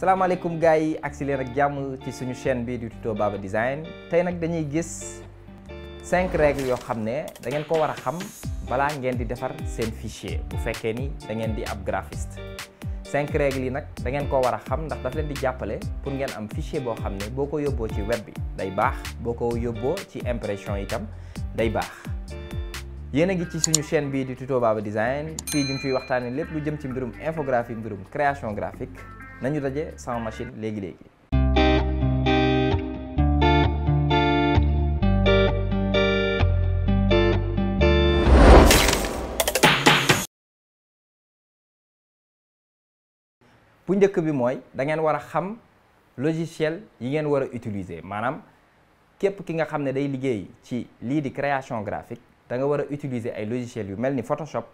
salaamaaleykum gars yi agsi leen ak jàmm ci suñu chaîne bii di tuto Baba Design tey nag dañuy gis cinq règles yoo xam ne dangeen ko war a xam balaa ngeen di defar seen fichier bu fekkee ni da ngeen di ab graphiste cinq règles yi nag da ngeen ko war a xam ndax daf leen di jàppale pour ngeen am fichier boo xam ne boo ko yóbboo ci web bi day baax boo ko yóbboo ci impression itam day baax yéen a ngi ci suñu chaîne bii di tuto Baba Design fii ñu ngi fiy waxtaanee lépp lu jëm ci mbirum infographie mbirum création graphique nañu daje sans machine léegi léegi. bu njëkk bi mooy da ngeen war a xam logiciel yi ngeen war a utiliser maanaam képp ki nga xam ne day liggéey ci lii di création graphique da nga war a utiliser ay logiciel yu mel ni Photoshop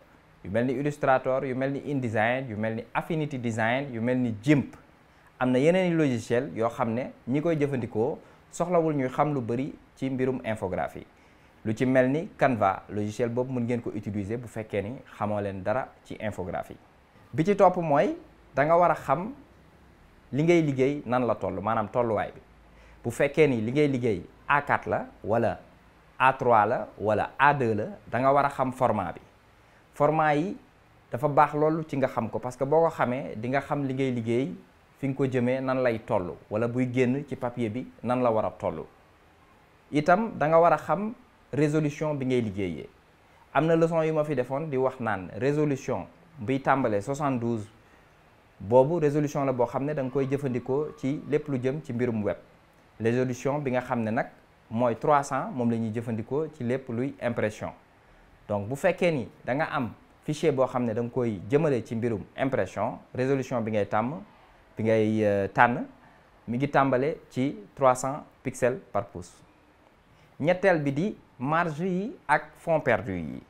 yu mel ni Illustrator yu mel ni InDesign yu mel ni Affinity Design yu mel ni GIMP am na yeneen i yoo xam ne ñi koy jëfandikoo soxlawul ñuy xam lu bëri ci mbirum infographie lu ci mel ni Canva logiciel boobu mën ngeen ko utiliser bu fekkee ni xamoo leen dara ci infographie bi ci topp mooy da nga war a xam li ngay liggéey nan la toll maanaam tolluwaay bi bu fekkee ni li ngay liggéey a la wala a la wala a la danga nga war a xam format bi format yi dafa baax loolu ci nga xam ko parce que boo ko xamee di nga xam li ngay liggéey fi nga ko jëmee nan lay toll wala buy génn ci papier bi nan la war a toll itam da nga war a xam résolution bi ngay liggéeyee am na leçon yu ma fi defoon di wax naan résolution biy tàmbalee 72 boobu résolution la boo xam ne da nga koy jëfandikoo ci lépp lu jëm ci mbirum web résolution bi nga xam ne nag mooy trois 300 moom la ñuy jëfandikoo ci lépp luy impression donc bu fekkee ni da nga am fichier boo xam ne danga koy jëmale ci mbirum impression résolution bi ngay tàmm bi ngay euh, tànn mi ngi tàmbale ci trois 300 pixels par pouce ñetteel bi di marge yi ak fond perdu yi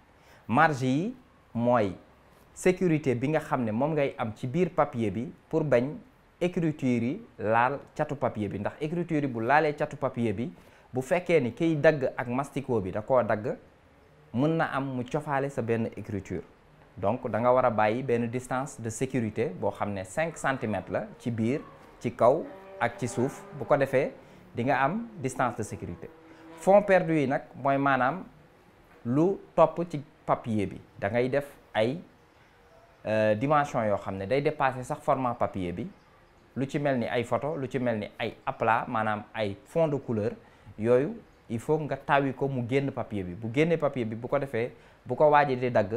marge yi mooy sécurité bi nga xam ne moom ngay am ci biir papier bi pour bañ écriture yi laal catu papier bi ndax écriture yi bu laalee catu papier bi bu fekkee ni kiy dagg ak mastiko bi da koo dagg mën na am mu cofaale sa benn écriture donc da nga war a bàyyi benn distance de sécurité boo xam ne cinq centimètres la ci biir ci kaw ak ci suuf bu ko defee di nga am distance de sécurité fond perdu yi nag mooy maanaam lu topp ci papier bi da ngay def ay euh, dimension yoo xam ne day dépasser sax format papier bi lu ci mel ni ay photo lu ci mel ni ay aplat maanaam ay fond de couleur yooyu il faut nga tawi ko mu génn papier bi bu génnee papiye bi bu ko defee bu ko waajee di dagg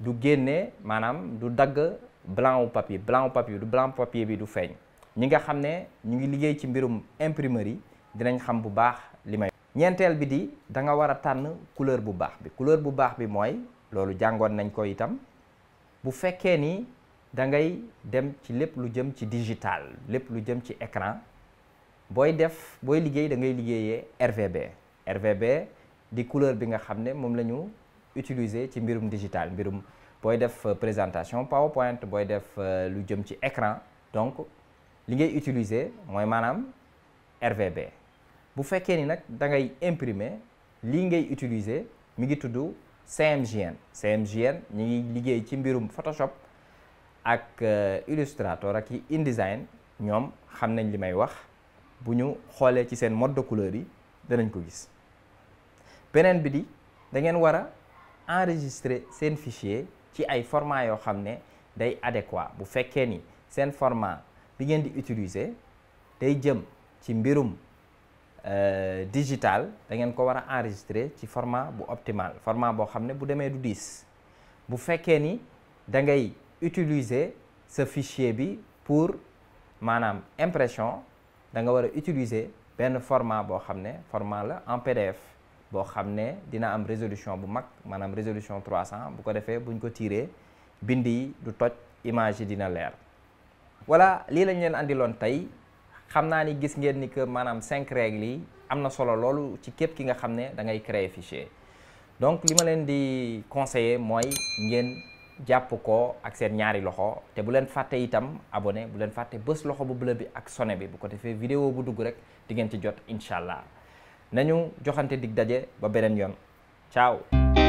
du génnee maanaam du dagg blanc wu papier blanc wu papier du blanc bi du feeñ ñi nga xam ne ñu ngi liggéey ci mbirum imprimerie dinañ xam bu baax li may ñeenteel bi di da nga war a tànn couleur bu baax bi couleur bu baax bi mooy loolu jàngoon nañ ko itam bu fekkee ni da ngay dem ci lépp lu jëm ci digital lépp lu jëm ci écran booy def booy liggéey da ngay liggéeyee RVB RVB di couleur bi nga xam ne moom la ñu utiliser ci mbirum digital mbirum booy def euh, présentation PowerPoint booy def euh, lu jëm ci écran donc li ngay utiliser mooy maanaam RVB bu fekkee ni nag da ngay imprimer lii ngay utiliser mi ngi tudd CMJN CMJN ñi ngi liggéey ci mbirum Photoshop ak euh, Illustrator ak yi InDesign ñoom xam nañ li may wax bu ñu xoolee ci seen mode de couleur yi danañ ko gis beneen bi di da ngeen war a enregistrer seen fichier ci ay format yoo xam ne day adéquat bu fekkee ni seen format bi ngeen di utiliser day jëm ci mbirum euh, digital da ngeen ko war a enregistrer ci format bu optimal format boo xam ne bu demee du diis bu fekkee ni da ngay utiliser sa fichier bi pour maanaam impression da nga war a utiliser benn format boo xam ne format la en PDF boo xam ne dina am résolution bu mag maanaam résolution trois 300 bu ko defee buñ ko tiiree bind yi du toj image yi dina leer. voilà lii lañ leen indiloon tey xam naa ni gis ngeen ni que maanaam cinq règles yi am na solo loolu ci képp ki nga xam ne da ngay créer fichier donc li leen di conseiller mooy ngeen. jàpp ko ak seen ñaari loxo te bu leen fàtte itam abonné bu leen fàttee bés loxo bu bule bi ak sonné bi bu ko defee vidéo bu dugg rek di ngeen ci jot incha allah nañu joxante dig daje ba beneen yoon caaw